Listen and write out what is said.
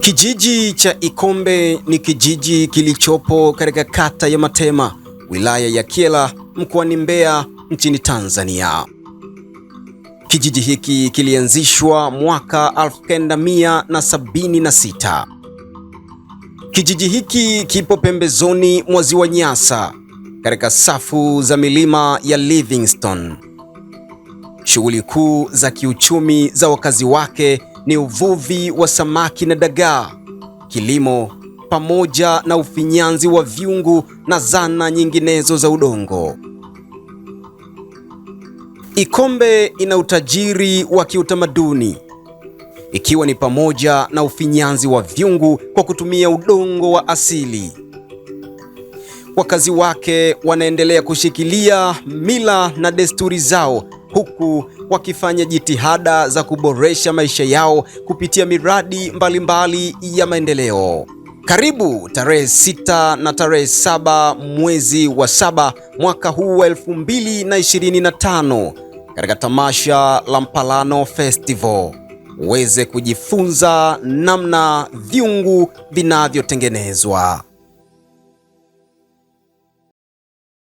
Kijiji cha Ikombe ni kijiji kilichopo katika kata ya Matema, wilaya ya Kyela, mkoani Mbeya, nchini Tanzania. Kijiji hiki kilianzishwa mwaka 1976. Kijiji hiki kipo pembezoni mwa Ziwa Nyasa katika safu za milima ya Livingstone. Shughuli kuu za kiuchumi za wakazi wake ni uvuvi wa samaki na dagaa, kilimo pamoja na ufinyanzi wa vyungu na zana nyinginezo za udongo. Ikombe ina utajiri wa kiutamaduni ikiwa ni pamoja na ufinyanzi wa vyungu kwa kutumia udongo wa asili wakazi wake wanaendelea kushikilia mila na desturi zao huku wakifanya jitihada za kuboresha maisha yao kupitia miradi mbalimbali mbali ya maendeleo. Karibu tarehe 6 na tarehe saba mwezi wa saba mwaka huu wa tano katika tamasha la Mpalano Festival uweze kujifunza namna vyungu vinavyotengenezwa.